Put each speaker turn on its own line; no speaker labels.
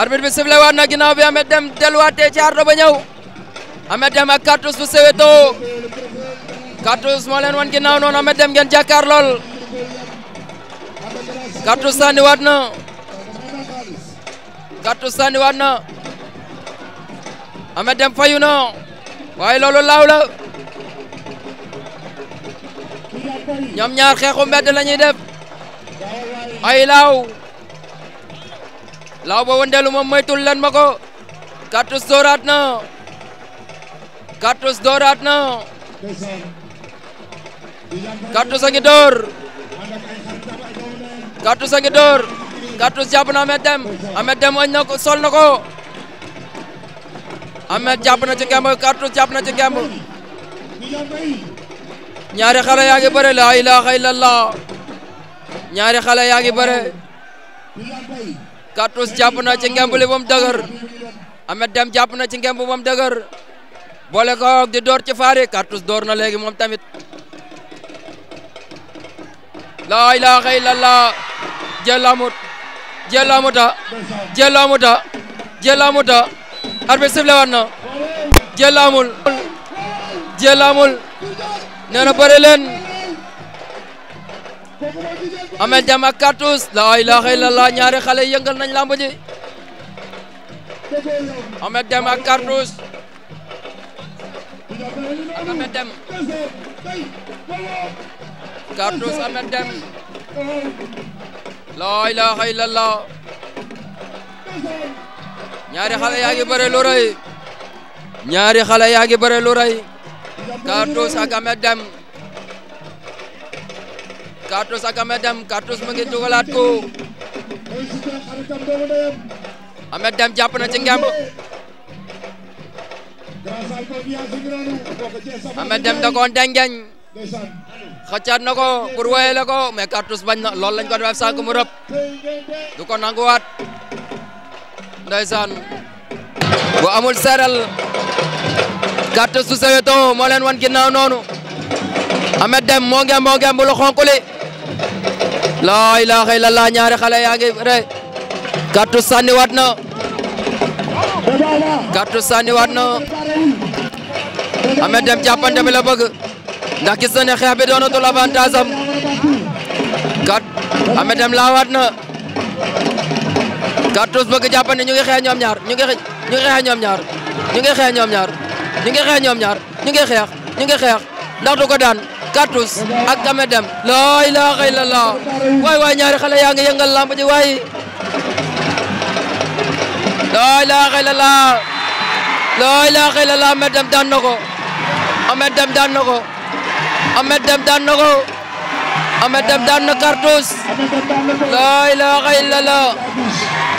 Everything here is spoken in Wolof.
arbitre bi siflé waat na ginnaaw bi Ahmed Deme delluwaatee ci ardo ba ñëw Ahmed Deme ak Cartouche bu Soweto wan ginnaaw noonu Ahmed Deme ngeen jàkkaar lool Cartouche sànni na Cartouche sànni waat na Ahmed Deme fayu na waaye loolu laaw la ñoom ñaar xeexu mbedd la ñuy def ay laaw law ba wëndeelu moom moytul leen ma ko Cartouche dooraat na Cartouche dooraat na Cartouche a door Cartouche a door Cartouche jàpp na Ameth Dème Ameth Dème añ ko sol nako ko Ameth jàpp na ci ngemb Cartouche na ci ngemb ñaari xale yaa la ilaha illallah ñaari xale yaa ngi Cartouche jàpp na ci ngemb li ba mu dëgër Ahmed Deme jàpp na ci ngemb ba mu dëgër door ci faari Cartouche door na léegi moom tamit laa ilaaha illallah jëlamut jëlamuta jëlamuta jëlamuta arbitre na jëlamul jëlamul nee na leen Ameth Deme ak Cartouche la ilaha illallah ñaari xale yëngal nañ lamb ji Ameth Deme ak Cartouche ak Ameth Deme Cartouche Ameth Deme la ilaha illallah ñaari xale lu rëy ñaari xale yaa ngi lu rëy Cartouche ak Ameth Deme Cartouche ak Ameth Dème Cartouche mu ngi dugalaat ko Ameth Dème jàpp na ci ngemb Ameth Dème da koo dengeñ xëccaat na ko ko mais Cartouche bañ na loolu lañ ko def sànq mu rëb du ko nanguwaat ndeysaan bu amul seeral Cartouche su sewetoo moo leen wan ginnaaw noonu Ameth Dème moo ngemb moo ngemb lu xonq laa ilaaha illallah ñaari xale yaa ngi re kartu sànni waat na kartu sànni waat na Ameth Dème jàppante bi la bëgg ndax gis na ne xeex bi doonatul avantage am kat Ameth Dème laawaat na Cartouche bëgg jàppante ñu ngi xeex ñoom ñaar ñu ngi xeex ñu ngi xeex ñoom ñaar ñu ngi xeex ñoom ñaar ñu ngi xeex ñoom ñaar ñu ngi xeex ñu ngi xeex ndax du ko daan gàttus ak dame dem laa ilaaha illallah waay waay ñaari xale ngi yëngal lamb ji waay laa ilaaha illallah laa ilaaha illallah Ahmed Deme daan na ko Ahmed Deme na ko Ahmed Deme daan na ko Ahmed Deme daan na Cartouche laa ilaaha illallah